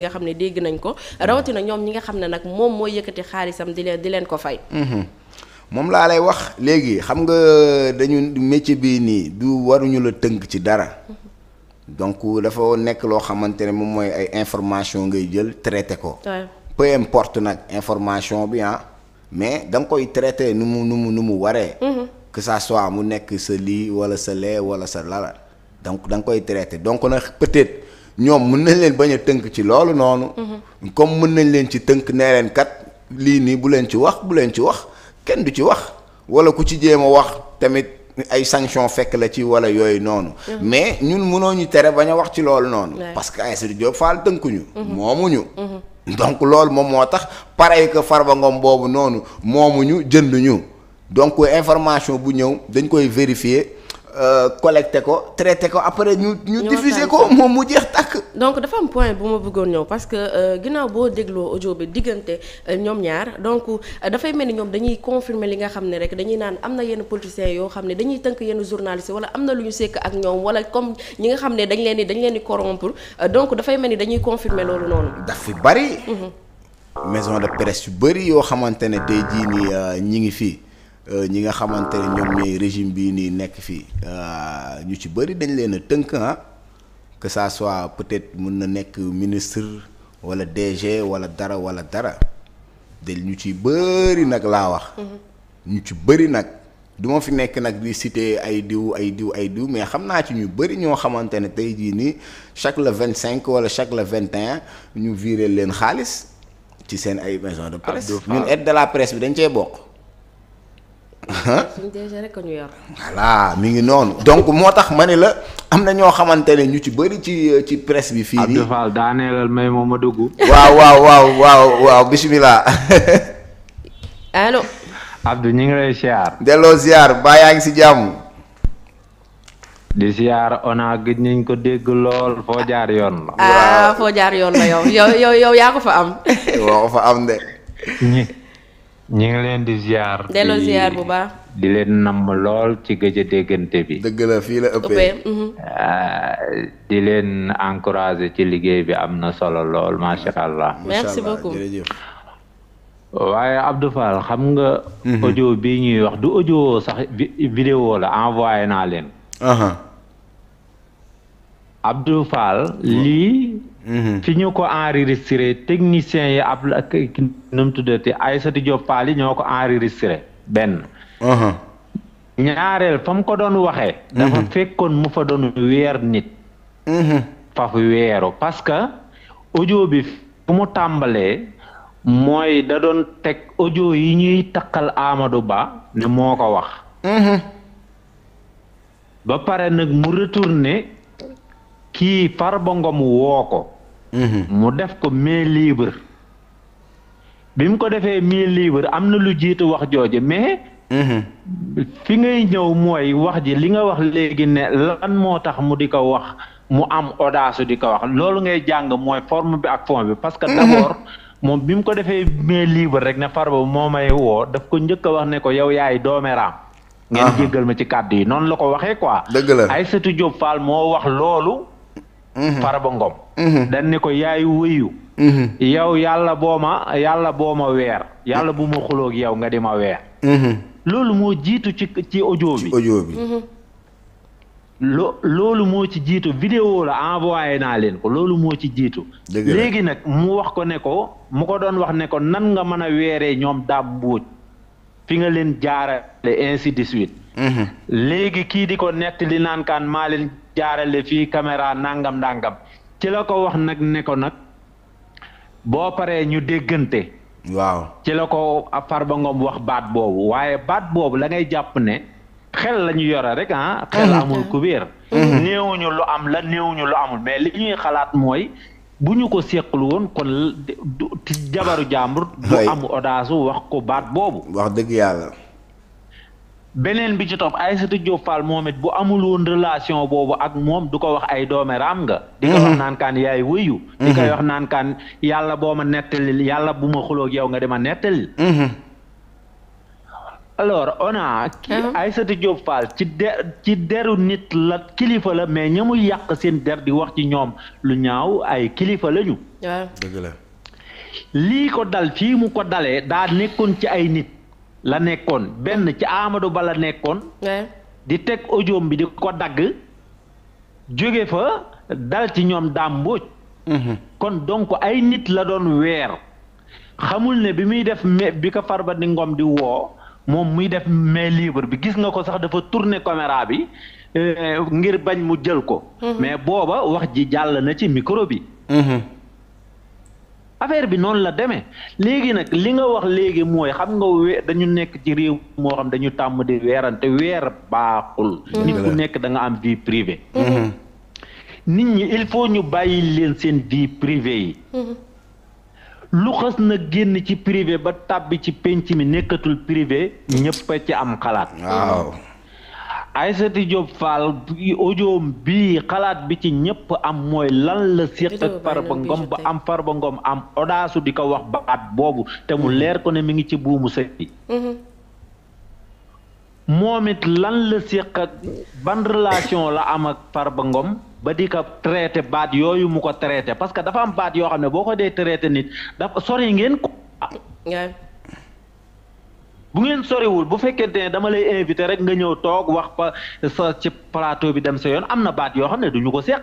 nga xam ne dégg nañ ko rawatina ñoom ñi nga xam ne nag moom mooy yëkkati xaalisam di leen di leen ko fay. Mhm. moom laa lay wax léegi xam nga dañu métier bi nii du waruñu la tënk ci dara mhm. donc dafa nekk loo xamante ne moom mooy ay information ngay jël traité ko. peu importe nag information bi ah mais da nga koy traité nu mu nu mu nu mu waree. Mhm. que ça soit mu nekk sa lii wala sa lee wala sa lala donc danga koy traité donc nag peut ñoom mun nañ leen bañ a tënk ci loolu noonu. Mm-hmm. comme mën nañ leen ci tënk nee leen lii nii bu leen ci wax bu leen ci wax kenn du ci wax wala ku ci jéem a wax tamit ay sanction fekk la ci wala yooyu noonu. Mm-hmm. mais ñun munoo ñu tere bañ wax ci loolu noonu. parce que Aïssatou Diop Fall tënkuñu. Mm-hmm. moomuñu. donc loolu moom moo tax pareil que Farba Ngom boobu noonu moomuñu jënduñu donc information bu ñëw dañ koy vérifier. Euh, collecté ko traité ko après ñu. ñu diffusé ko moom mu jeex tàkk. donc dafa point bu ma bëggoon ñëw parce que euh, ginnaaw boo dégloo audio bi diggante euh, ñoom ñaar donc dafay mel ni ñoom dañuy confirmer li nga xam ne rek dañuy naan am na yenn politiciens yoo xam ne dañuy tënk yenn journalistes wala am na lu ñu sekk ak ñoom wala comme ñi nga xam ne dañ leen di dañ leen di corrompre donc dafay mel ni dañuy confirmer loolu ah, noonu. daf fi bari. Mhm. maison de presse yu bari yoo xamante ne tey jii ngi fii. Euh, ñi nga xamante ne ñoom ñooy régime bii nii nekk fii euh, ñu ci bëri dañ leen a tënk ah que ça soit peut-être mun na nekk ministre wala DG wala dara wala dara dañ ñu ci bëri nag laa wax. Mm-hmm. ñu ci bëri nag du ma fi nekk nag di citer ay diw ay diw ay diw mais xam naa ci ñu bëri ñoo xamante ne tey jii nii chaque le vingt cinq wala chaque le vingt et un ñu viré leen xaalis ci seen ay maison de presse. ñun aide de la presse bi dañ cee bokk. suñu DG mi ngi noonu donc moo tax ma ne la am na ñoo xamante ne ñu ci bëri ci ci presse bi. fii nii Abdou Fall daaneelal may moom ma dugg. waaw waaw waaw waaw waaw bisimilah. Abdou ñu ngi lay ziar. delloo ziar baa yaa ngi si jàmm. di ziar ona gëj nañ ko dégg lool foo jaar yoon la. Ah, foo jaar yoon la yow yow yaa ko fa am. woo ko fa am de. ñu ngi leen di ziar. delloo ziar bu baax. di leen namm lool ci gëj déggante bi. dëgg fii la ëppee. Mhm. Ah, di leen encouragé ci liggéey bi am na solo lool macha allah. merci beaucoup waaye Abdou xam nga. Mhm. audio bii ñuy wax du audio sax vidéo la envoyé naa leen. Abdou lii. fi mhm. ñu ko enregistré technicien yi ab ak nu mu tuddati Aïssatou Diop Paal ñoo ko enregistré benn. ñaareel fa mu ko doon waxee. dafa mhm. fekkoon mu fa doon weer nit. Mhm. fa fu weeru parce que audio bi fu mu tàmbalee mooy da doon teg audio yi ñuy takkal Amadou Ba ne moo ko wax. ba pare nag mu retourné. kii Farba Ngom woo ko. Mhm. mu def ko main libre. bi mu ko defee main libre am na lu jiitu wax jooju mais. Mhm. fi ngay ñëw mooy wax ji li nga wax léegi ne lan moo tax mu di ko wax mu am audace di ko wax loolu ngay jàng mooy forme bi ak fond bi parce que mhm. d'abord. moom bi mu ko defee mais libre rek ne Farba moo may woo daf ko njëkk a wax ne ko yow yaay doomeraam ngeen jéggal ma ci kàddu yi noonu la ko waxee quoi. dëgg la Aïssatou Diop moo wax loolu. Mm-hmm. Farba Ngom mm-hmm. dañ ne ko yaay wëyu mm-hmm. yow yàlla boo ma yàlla boo ma weer yàlla bu ma xuloog yow nga di ma weer loolu moo jiitu ci ci audio bi audio loolu moo ci jiitu vidéo la envoyé naa leen ko loolu moo ci jiitu léegi nag mu wax ko ne ko mu ko doon wax ne ko nan nga mën a weeree ñoom daam mbóoj fi nga leen jaarale ainsi de léegi kii di ko nettali naan kaan maa leen jaarale fii caméra nangam nangam ci la ko wax nag ne ko nag boo paree ñu déggante. waaw ci la ko Farba Ngom wax baat boobu waaye baat boobu la ngay jàpp ne xel lañu ñu yore rek ah. xel mm-hmm. amul kubéer. Mm-hmm. néewuñu lu am la néewuñu lu amul mais li ñuy xalaat mooy. bu ñu ko seqal kon jabaru jàmbur. du am audace wax ko baat boobu. wax dëgg yàlla. beneen bi ci ay Aïssata Diop Fall moom bu amul woon relation boobu ak moom du ko wax ay doomeraam nga. di ko wax mhm. naan kaan yaay wuyu. di koy mhm. wax naan yàlla boo ma nettalil yàlla bu ma xuloog yow nga di ma nettalil. Mhm. alors on a. ki Aïssata ci der ci deru nit la kilifa la mais ña yàq seen der di wax ci ñoom lu ñaaw ay kilifa lañu. waaw lii ko dal fii mu ko dalee daa nekkoon ci ay nit. la nekkoon benn ci Amadou Ba la nekkoon. di teg audio bi di ko dagg jóge fa dal ci ñoom Dame Mbodj mhm. kon donc ay nit la doon weer xamul ne bi muy def me bi ko Farba di Ngom di woo moom muy def main libre bi gis nga ko sax dafa tourner caméra bi euh, ngir bañ mu jël ko mhm. mais booba wax ji jàll na ci micro bi mhm. affaire bi noonu la demee léegi nag li nga wax léegi mooy xam nga we dañu nekk ci réew moo xam dañu tàmm di weerante weer baaxul. nit ku nekk da nga am vie privée. Mm-hmm. nit ñi il faut ñu bàyyi leen seen vie privée yi. Mm-hmm. lu xas na génn ci privé ba tàbbi ci penc mi nekkatul privé ñëpp ci am xalaat. Aïssatou Diop Fall audioom bi xalaat bi ci ñëpp am mooy lan la séq ak Farba Ngom ba am Farba Ngom am odaasu di ko wax baat boobu te mu leer ko ne mi ngi ci buumu sëy bi mhm. it lan la séq ban relation la am ak Farba Ngom ba di ko traité baat yooyu mu ko traité parce que dafa am baat yoo xam ne boo ko dee traité nit dafa sori ngeen ko bu ngeen soriwul bu fekkente ne dama lay invité rek nga ñëw toog wax pa sa ci plateau bi dem sa yoon am na baat yoo xam ne du ñu ko seq.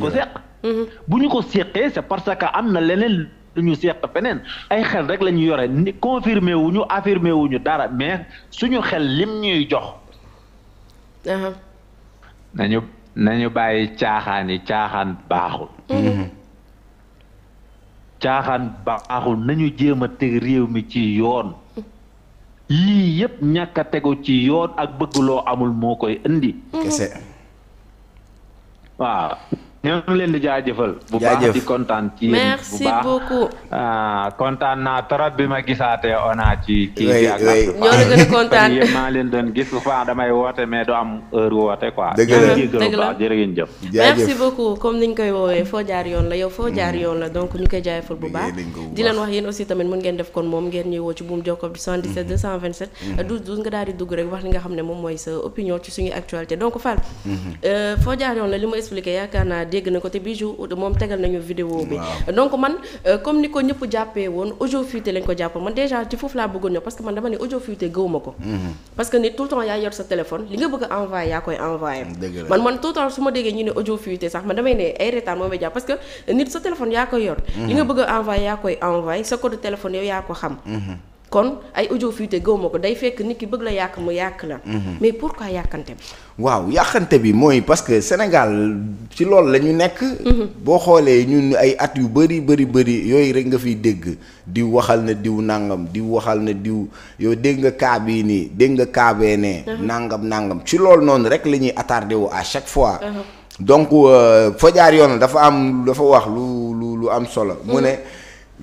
ko seq. Mhm. bu ñu ko seqee c'est parce que am na leneen lu ñu seq feneen ay xel rek lañu yore ni confirmé wu ñu affirmé wu ñu dara mais suñu xel lim ñuy jox. nañu nañu bàyyi caaxaan yi caaxaan baaxul. Mhm. caaxaan baaxul nañu jéem a teg réew mi ci yoon. yii yëpp ñàkk tegu ci yoon ak bëgg amul moo koy indi. kese waaw. ñoo ngi leen di jaajëfal. bu baax di kontaan ci yéen bu baax merci beaucoup. Ah, kontaan naa trop bi ma gisaatee ona ci. kii bi ak gën a kontaan yéen leen doon gis bu damay woote mais du am heure woote quoi. dëgg la dëgg la merci beaucoup comme niñ koy woowee foo jaar yoon la yow foo jaar mm. yoon la donc ñu koy jaajëfal bu baax. di leen wax yéen aussi tamit mën ngeen def kon moom ngeen ñuy ci buum jokkoo bi 77 227. 12 12 nga daal di dugg rek wax nga xam ne moom dégg na ko te Bijou moom tegal nañu vidéo bi donc man euh, comme ni ko ñëpp jàppee woon audio lañ ko jàpp man déjà ci foofu laa mm-hmm. bëgg a envoyé yaa koy envoyé man man tout le temps su ma déggee ñu ne audio sax man damay ne ay retard moo may jàpp parce nit sa téléphone yaa koy yor li nga mm-hmm. bëgg a yaa koy envoyé sa code téléphone yaa ko xam mm-hmm. kon ay audio fuité gëw ma ko day fekk nit ki bëgg la yàq mu yàq la. Mhm. mais pourquoi yàqante bi. waaw yàqante bi mooy parce que Sénégal ci lool la ñu nekk. Mhm. boo xoolee ñun ay at yu bëri bëri bëri yooyu rek nga fi dégg diw waxal na diw nangam diw waxal na diw yow dégg nga kaa nii dégg nga kaa ne nee. Mhm. nangam nangam ci lool noonu rek la ñuy attardé wu à chaque fois. donc euh, fa jaar dafa am dafa wax lu lu lu am solo mu ne.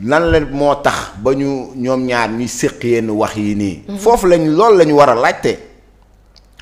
lan la moo tax ba ñu ñoom ñaar ñuy séq yenn wax yi nii. foofu lañ loolu la ñu war a laajte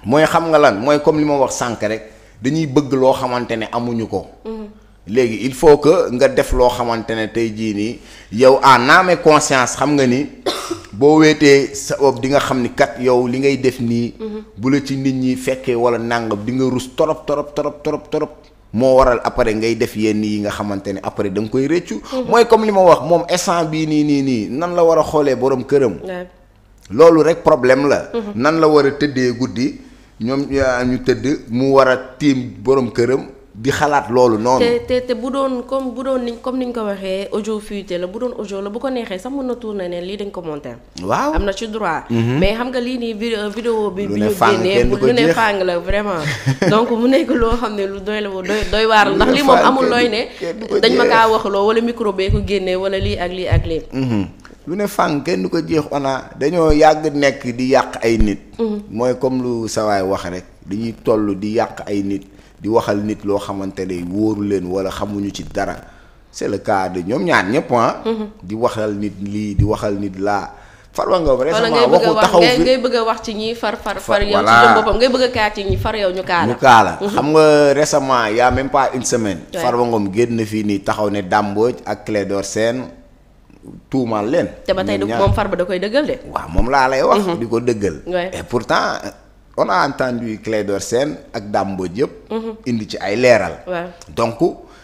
mooy xam nga lan mooy comme li ma wax sànk rek dañuy bëgg loo xamante ne amuñu ko. Mhm. léegi il faut que nga def loo xamante ne tey jii nii yow en âme et conscience xam nga ni boo weetee sa bopp di nga xam ni kat yow li ngay def nii. Mhm. bu la ci nit ñi fekkee wala nàngam di nga rus torop torop torop torop torop. moo waral après ngay def yenn yi nga xamante ne après da nga koy rëccu. mooy comme li ma wax moom instant bii nii nii nii nan la war a xoolee borom këram. loolu rek problème la. Mhm. nan la war a tëddee guddi ñoom euh, ñu tëdd mu war a tiim borom këram. di xalaat loolu noonu. te te te bu doon comme bu doon ni comme ni ñu ko waxee fii fuité la bu doon audio la bu ko neexee sax mën na tourner ne lii dañ ko monter. waaw am na ci droit. Mhm. mais xam nga lii nii euh, vidéo bi. bi ñu génnee lu ne fàng la vraiment. donc mu nekk loo xam ne lu doy la doy doy waar la ndax lii moom looy ne. dañ ma kaa waxloo wala micro bee ko wala lii ak lii ak lii. Mhm. lu ne fàng kenn du ko jeex ona dañoo yàgg nekk di yàq ay nit. Mhm. mooy comme lu sawaay wax rek dañuy toll di yàq ay nit. di waxal nit loo xamante ne wóoru leen wala xamuñu ci dara c'est le cas ñoom ñaar ñëpp ah. Mm-hmm. di waxal nit lii di waxal nit laa. farwa nga récemment waxu taxaw fi ngay bëgg wax ci ñi far far far yow ci jëm boppam ngay bëgg a kaa ci ñi far yow ñu kaala mm-hmm. xam nga récemment y a même pas une semaine Farba génn fii nii taxaw ne Dàmbooj ak Clédor Sène tuumaal leen te ba tey du moom Farba da koy dëggal de waaw moom laa lay wax mm-hmm. di ko dëggal on a entendu Clédor Sène ak Dame Mbodj yëpp. Mhm. indi ci ay leeral. donc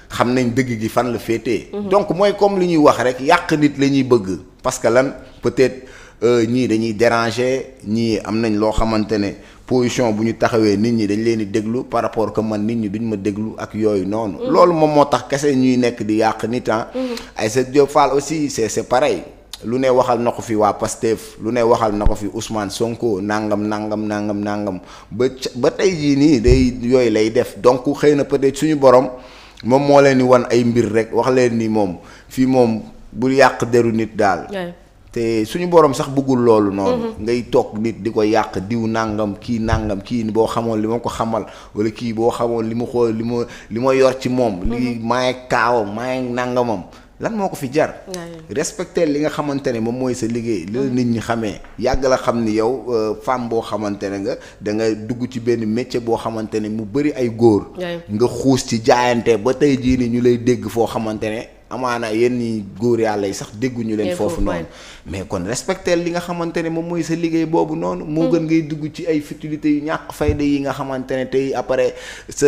xam nañ dëgg gi fan la féete mhm. donc mooy comme li ñuy wax rek yàq nit la ñuy bëgg. parce que lan peut-être euh, ñii dañuy déranger ñii am nañ loo xamante ne position bu ñu taxawee nit ñi dañu leen di déglu par rapport que man nit ñi duñu ma déglu ak yooyu noonu. Mhm. loolu moom moo tax kese ñuy nekk di yàq nit ah. ay Diop Fall aussi c'est c'est pareil. lu ne waxal na ko fi waa Pastef lu ne waxal na ko fi Ousmane Sonko nangam nangam nangam nàngam ba ba tey jii nii day yooyu lay def donc xëy na peut-être suñu borom moom moo leen di wan ay mbir rek wax leen ni moom fii moom bul yàq deru nit daal. te suñu borom sax bëggul loolu noonu. Mm-hmm. ngay toog nit di ko yàq diw nangam kii nangam kii boo xamoon li ma ko xamal wala kii boo xamoon li mu xool li ma li ma yor ci moom. lii mm-hmm. maay kaawam maay nangamam. lan moo ko fi jar. respecté li nga xamante ne moom mooy sa liggéey. la nit ñi xamee yàgg la xam ni yow euh, femme boo xamante ne nga da nga dugg ci benn métier boo xamante ne mu bëri ay góor. xuus ci jaayante ba tey jii ni ñu lay dégg foo xamante ne amaana yenn ñi góor yàlla yi sax dégguñu leen. foofu noonu mais kon respecté li nga xamante ne moom mooy sa liggéey boobu noonu. moo mm. gën ngay dugg ci ay futilités yu ñàkk fayda yi nga xamante ne tey après sa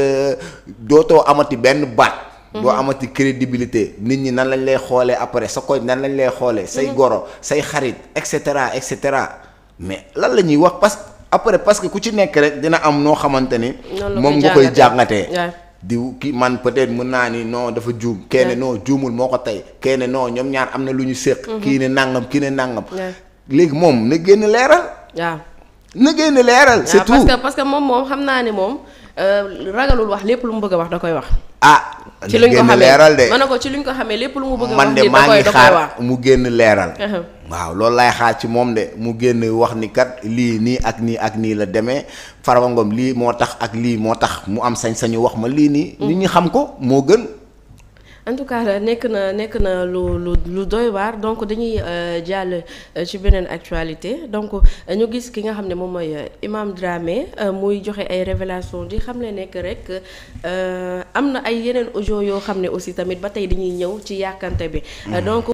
dootoo amati benn baat. doo mhm. amati crédibilité nit ñi nan lañ lay xoolee après sa koñ nan lañ lay xoolee say mhm. goro say xarit et cetera et cetera mais lan la ñuy wax parce que après parce que ku ci nekk rek dina am noo xamante ni moom nga koy jàngatee di ki man peut-être mën naa ni noo dafa juum kenn noo juumul moo ko tey kene noo ñoom ñaar am na lu ñu séq mhm. kii ne nàngam kii ne nàngam léegi moom na génn leeral waaw na génn leeral c'est tout parce que moom moom xam naa ne moom euh, ragalul wax lépp lu mu bëgg a wax da koy wax ah ci luñ ko leeral de. na ko ci luñ ko xamee lépp lu bëgg a man de maa ngi xaar mu génn leeral. waaw loolu lay xaar ci moom de mu génn wax ni kat lii nii ak nii ak nii la demee Farba lii moo tax ak lii moo tax mu am sañ-sañu wax ma lii nii. Mm. nit ñi xam ko moo gën. en tout cas nekk na nekk na lu lu lu doy waar donc dañuy euh, jàll euh, ci beneen actualité donc euh, ñu gis ki nga xam ne moom mooy Imam Dramé muy joxe ay révélation di xam ne nekk rek am na ay yeneen audio yoo xam ne aussi tamit ba tey dañuy ñëw ci yàkkante bi donc